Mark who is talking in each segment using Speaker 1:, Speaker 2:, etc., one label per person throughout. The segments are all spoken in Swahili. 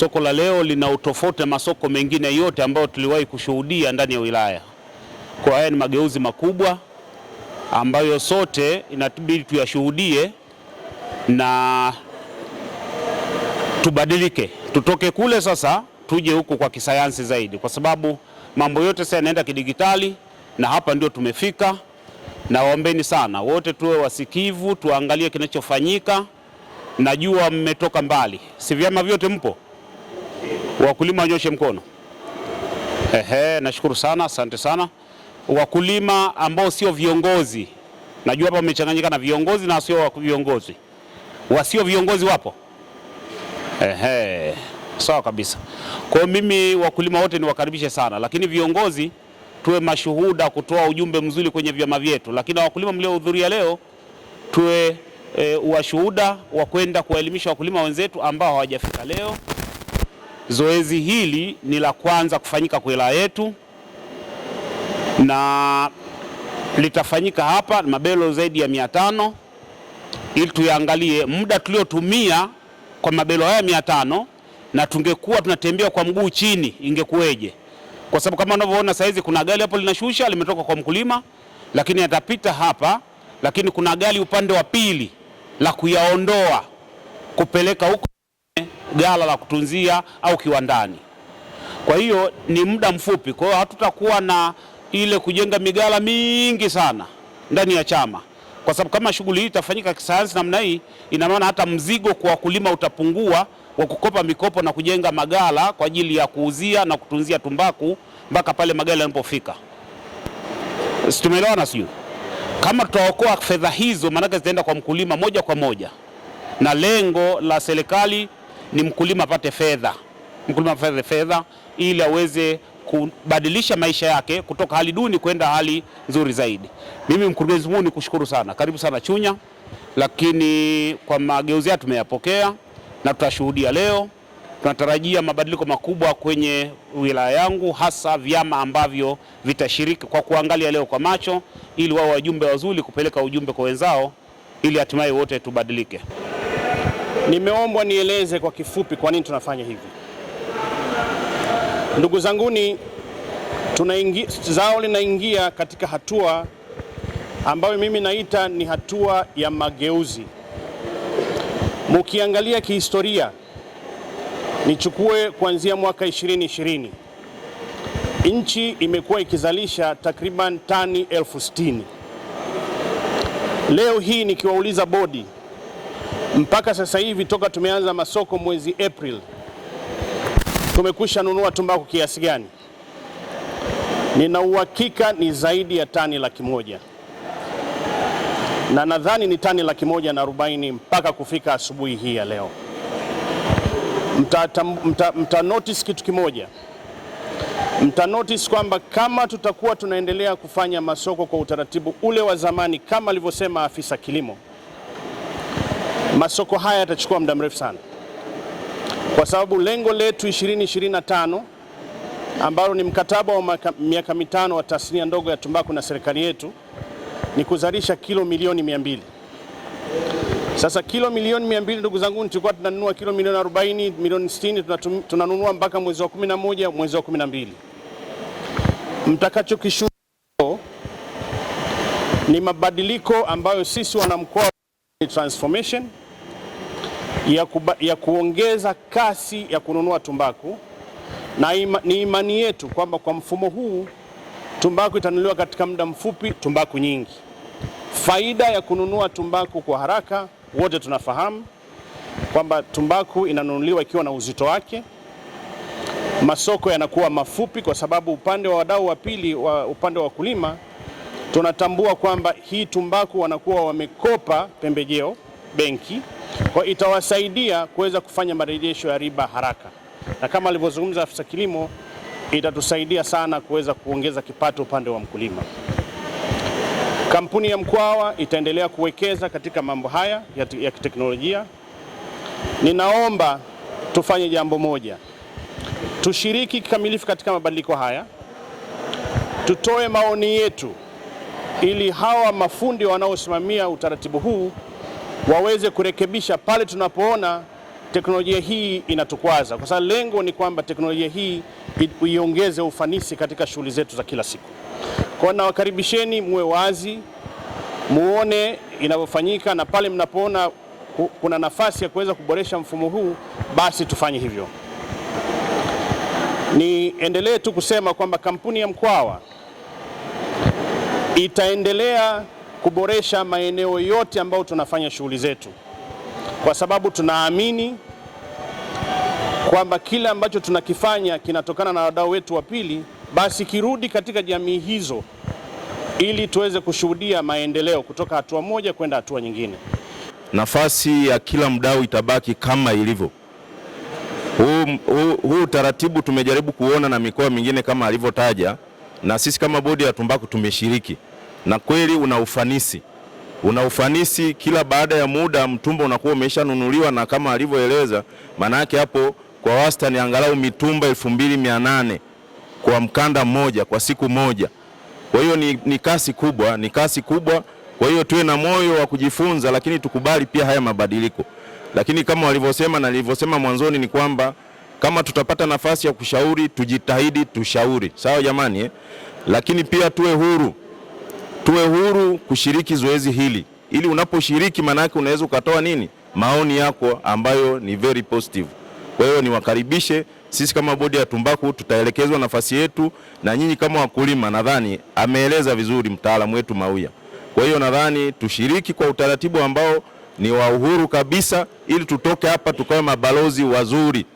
Speaker 1: Soko la leo lina utofauti na masoko mengine yote ambayo tuliwahi kushuhudia ndani ya wilaya. Kwa haya ni mageuzi makubwa ambayo sote inatubidi tuyashuhudie na tubadilike, tutoke kule sasa tuje huku kwa kisayansi zaidi, kwa sababu mambo yote sasa yanaenda kidigitali na hapa ndio tumefika. Na waombeni sana wote tuwe wasikivu, tuangalie kinachofanyika. Najua mmetoka mbali, si vyama vyote mpo wakulima wanyoshe mkono. Ehe, nashukuru sana, asante sana. Wakulima ambao sio viongozi, najua hapa wamechanganyika na viongozi na sio viongozi, wasio viongozi wapo? Ehe, sawa kabisa. Kwa mimi wakulima wote niwakaribishe sana, lakini viongozi tuwe mashuhuda kutoa ujumbe mzuri kwenye vyama vyetu, lakini wakulima mliohudhuria leo tuwe e, washuhuda wa kwenda kuwaelimisha wakulima wenzetu ambao hawajafika leo. Zoezi hili ni la kwanza kufanyika kwa wilaya yetu na litafanyika hapa mabelo zaidi ya mia tano ili tuyaangalie muda tuliotumia kwa mabelo haya mia tano na tungekuwa tunatembea kwa mguu chini ingekuweje? Kwa sababu kama unavyoona hizi kuna gari hapo linashusha limetoka kwa mkulima, lakini atapita hapa, lakini kuna gari upande wa pili la kuyaondoa kupeleka huko ghala la kutunzia au kiwandani. Kwa hiyo ni muda mfupi, kwa hiyo hatutakuwa na ile kujenga migala mingi sana ndani ya chama, kwa sababu kama shughuli hii itafanyika kisayansi namna hii, ina maana hata mzigo kwa wakulima utapungua wa kukopa mikopo na kujenga magala kwa ajili ya kuuzia na kutunzia tumbaku mpaka pale magala yanapofika. Situmeelewana sijui kama tutaokoa fedha hizo, maanake zitaenda kwa mkulima moja kwa moja, na lengo la serikali ni mkulima apate fedha, mkulima apate fedha ili aweze kubadilisha maisha yake kutoka hali duni kwenda hali nzuri zaidi. Mimi mkurugenzi mkuu, ni kushukuru sana, karibu sana Chunya, lakini kwa mageuzi haya tumeyapokea na tutashuhudia leo. Tunatarajia mabadiliko makubwa kwenye wilaya yangu, hasa vyama ambavyo vitashiriki kwa kuangalia leo kwa macho, ili wao wajumbe wazuri kupeleka ujumbe kwa wenzao, ili hatimaye wote tubadilike. Nimeombwa nieleze kwa kifupi kwa nini tunafanya hivi. Ndugu zanguni, tunaingia, zao linaingia katika hatua ambayo mimi naita ni hatua ya mageuzi. Mukiangalia kihistoria, nichukue kuanzia mwaka 2020 nchi imekuwa ikizalisha takriban tani elfu sitini. Leo hii nikiwauliza bodi mpaka sasa hivi toka tumeanza masoko mwezi April tumekwisha nunua tumbaku kiasi gani? Nina uhakika ni zaidi ya tani laki moja na nadhani ni tani laki moja na arobaini mpaka kufika asubuhi hii ya leo. Mta, mta, mta notice kitu kimoja, mta notice kwamba kama tutakuwa tunaendelea kufanya masoko kwa utaratibu ule wa zamani kama alivyosema afisa kilimo masoko haya yatachukua muda mrefu sana, kwa sababu lengo letu 2025 ambalo ni mkataba wa miaka mitano wa tasnia ndogo ya tumbaku na serikali yetu ni kuzalisha kilo milioni 200. Sasa kilo milioni 200, ndugu zangu, tulikuwa tunanunua kilo milioni 40, milioni 60, tunanunua mpaka mwezi wa 11, mwezi wa 12. Mtakachokishuhudia ni mabadiliko ambayo sisi wanamkoa transformation ya, kuba, ya kuongeza kasi ya kununua tumbaku na ima, ni imani yetu kwamba kwa mfumo huu tumbaku itanunuliwa katika muda mfupi, tumbaku nyingi. Faida ya kununua tumbaku kwa haraka, wote tunafahamu kwamba tumbaku inanunuliwa ikiwa na uzito wake. Masoko yanakuwa mafupi, kwa sababu upande wa wadau wa pili wa upande wa wakulima tunatambua kwamba hii tumbaku wanakuwa wamekopa pembejeo benki kwa itawasaidia kuweza kufanya marejesho ya riba haraka, na kama alivyozungumza afisa kilimo, itatusaidia sana kuweza kuongeza kipato upande wa mkulima. Kampuni ya Mkwawa itaendelea kuwekeza katika mambo haya ya kiteknolojia. Ninaomba tufanye jambo moja, tushiriki kikamilifu katika mabadiliko haya, tutoe maoni yetu ili hawa mafundi wanaosimamia utaratibu huu waweze kurekebisha pale tunapoona teknolojia hii inatukwaza, kwa sababu lengo ni kwamba teknolojia hii iongeze ufanisi katika shughuli zetu za kila siku. Kwa nawakaribisheni muwe wazi, muone inavyofanyika, na pale mnapoona kuna nafasi ya kuweza kuboresha mfumo huu, basi tufanye hivyo. Niendelee tu kusema kwamba kampuni ya Mkwawa itaendelea kuboresha maeneo yote ambayo tunafanya shughuli zetu, kwa sababu tunaamini kwamba kila ambacho tunakifanya kinatokana na wadau wetu wa pili, basi kirudi katika jamii hizo ili tuweze kushuhudia maendeleo kutoka hatua moja kwenda hatua nyingine. Nafasi ya kila mdau itabaki kama ilivyo. Huu utaratibu tumejaribu kuona na mikoa mingine kama alivyotaja, na sisi kama bodi ya tumbaku tumeshiriki na kweli una ufanisi, una ufanisi. Kila baada ya muda mtumba unakuwa umeshanunuliwa, na kama alivyoeleza, maana yake hapo kwa wastani angalau mitumba elfu mbili mia nane kwa mkanda mmoja kwa siku moja. Kwa hiyo ni, ni kasi kubwa, ni kasi kubwa. Kwa hiyo tuwe na moyo wa kujifunza, lakini tukubali pia haya mabadiliko. Lakini kama walivyosema na nilivyosema mwanzoni ni kwamba kama tutapata nafasi ya kushauri, tujitahidi tushauri, sawa jamani eh? Lakini pia tuwe huru tuwe huru kushiriki zoezi hili, ili unaposhiriki, maanake unaweza ukatoa nini, maoni yako ambayo ni very positive. Kwa hiyo niwakaribishe, sisi kama bodi ya tumbaku tutaelekezwa nafasi yetu, na nyinyi kama wakulima, nadhani ameeleza vizuri mtaalamu wetu Mauya. Kwa hiyo nadhani tushiriki kwa utaratibu ambao ni wa uhuru kabisa, ili tutoke hapa tukawe mabalozi wazuri.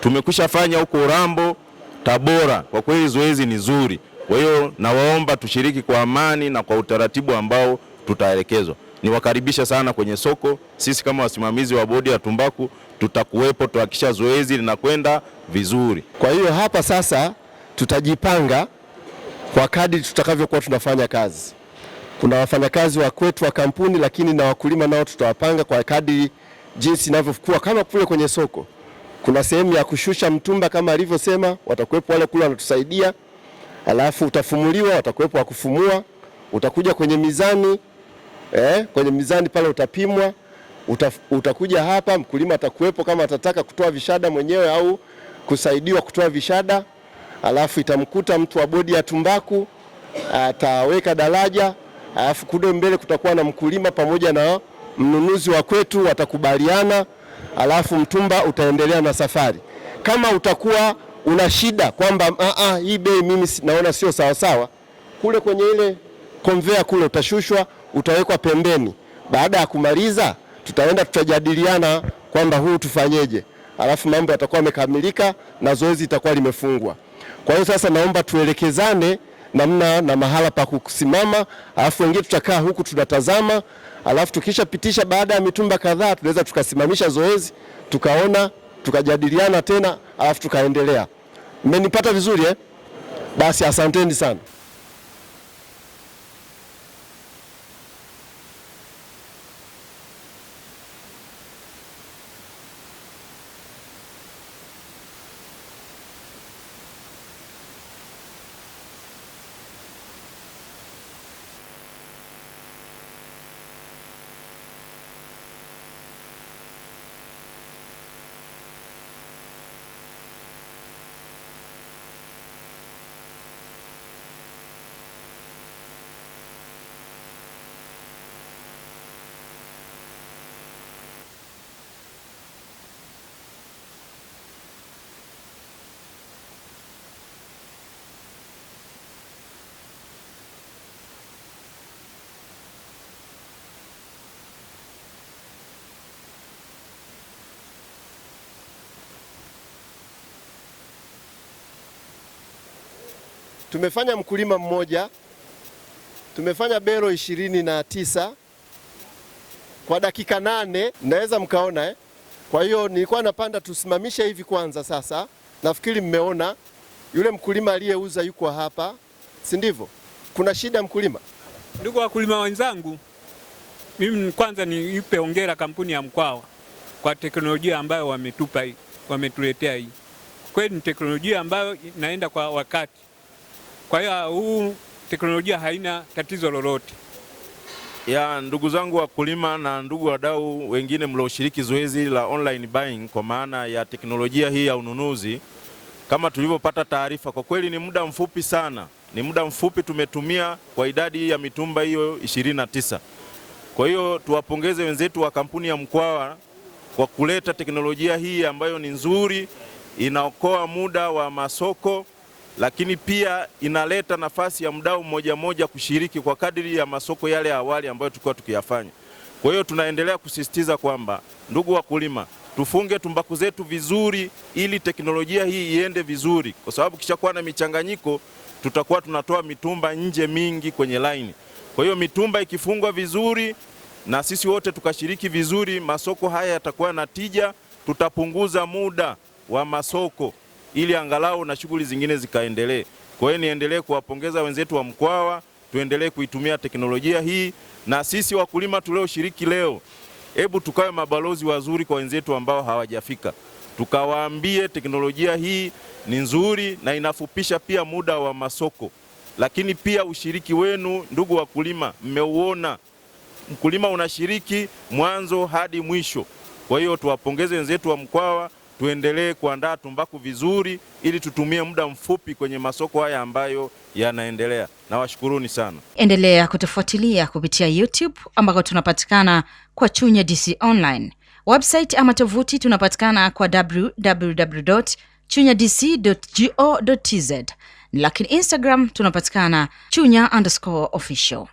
Speaker 1: Tumekwisha fanya huko Urambo, Tabora, kwa kweli zoezi ni zuri. Kwa hiyo nawaomba tushiriki kwa amani na kwa utaratibu ambao tutaelekezwa. Niwakaribisha sana kwenye soko. Sisi kama wasimamizi wa bodi ya tumbaku tutakuwepo, tuhakisha zoezi linakwenda vizuri. Kwa hiyo hapa sasa tutajipanga kwa kadri tutakavyokuwa tunafanya kazi. Kuna wafanyakazi wa kwetu wa kampuni, lakini na wakulima nao tutawapanga kwa kadri jinsi inavyokuwa. Kama kule kwenye soko kuna sehemu ya kushusha mtumba kama alivyosema, watakuwepo wale kule wanatusaidia alafu utafumuliwa, watakuwepo wa kufumua, utakuja kwenye mizani eh, kwenye mizani pale utapimwa Utaf, utakuja hapa, mkulima atakuwepo kama atataka kutoa vishada mwenyewe au kusaidiwa kutoa vishada, alafu itamkuta mtu wa bodi ya tumbaku ataweka daraja, alafu kude mbele kutakuwa na mkulima pamoja na mnunuzi wa kwetu watakubaliana, alafu mtumba utaendelea na safari kama utakuwa una shida kwamba ah, ah, hii bei mimi naona sio sawasawa, kule kwenye ile konvea kule utashushwa, utawekwa pembeni. Baada ya kumaliza, tutaenda tutajadiliana kwamba huu tufanyeje, alafu mambo yatakuwa yamekamilika na zoezi litakuwa limefungwa. Kwa hiyo sasa, naomba tuelekezane namna na mahala pa kusimama, alafu wengine tutakaa huku tunatazama, alafu tukishapitisha baada ya mitumba kadhaa, tunaweza tukasimamisha zoezi tukaona tukajadiliana tena alafu tukaendelea. Mmenipata vizuri eh? Basi asanteni sana. tumefanya mkulima mmoja, tumefanya bero ishirini na tisa kwa dakika nane, naweza mkaona eh? Kwa hiyo nilikuwa napanda, tusimamishe hivi kwanza. Sasa nafikiri mmeona yule mkulima aliyeuza yuko hapa, si ndivyo? Kuna shida mkulima. Ndugu wakulima wenzangu, mimi kwanza niipe hongera kampuni ya Mkwawa kwa teknolojia ambayo wametupa hii, wametuletea hii. Kweli ni teknolojia ambayo inaenda kwa wakati. Kwa hiyo uh, huu teknolojia haina tatizo lolote. Ya ndugu zangu wakulima na ndugu wadau wengine mlioshiriki zoezi la online buying kwa maana ya teknolojia hii ya ununuzi, kama tulivyopata taarifa, kwa kweli ni muda mfupi sana, ni muda mfupi tumetumia kwa idadi ya mitumba hiyo 29. Kwa hiyo tuwapongeze wenzetu wa kampuni ya Mkwawa kwa kuleta teknolojia hii ambayo ni nzuri, inaokoa muda wa masoko lakini pia inaleta nafasi ya mdau mmoja mmoja kushiriki kwa kadiri ya masoko yale ya awali ambayo tulikuwa tukiyafanya. Kwa hiyo tunaendelea kusisitiza kwamba, ndugu wakulima, tufunge tumbaku zetu vizuri, ili teknolojia hii iende vizuri, kwa sababu kishakuwa na michanganyiko, tutakuwa tunatoa mitumba nje mingi kwenye laini. Kwa hiyo mitumba ikifungwa vizuri na sisi wote tukashiriki vizuri, masoko haya yatakuwa na tija, tutapunguza muda wa masoko ili angalau na shughuli zingine zikaendelee. Kwa hiyo niendelee kuwapongeza wenzetu wa Mkwawa, tuendelee kuitumia teknolojia hii, na sisi wakulima tulioshiriki leo, hebu tukawe mabalozi wazuri kwa wenzetu ambao hawajafika, tukawaambie teknolojia hii ni nzuri na inafupisha pia muda wa masoko. Lakini pia ushiriki wenu, ndugu wakulima, mmeuona mkulima unashiriki mwanzo hadi mwisho. Kwa hiyo tuwapongeze wenzetu wa Mkwawa tuendelee kuandaa tumbaku vizuri ili tutumie muda mfupi kwenye masoko haya ambayo yanaendelea. Nawashukuruni sana.
Speaker 2: Endelea kutufuatilia kupitia YouTube ambako tunapatikana kwa Chunya DC Online website ama tovuti, tunapatikana kwa www chunya dc go tz, lakini Instagram tunapatikana chunya underscore official.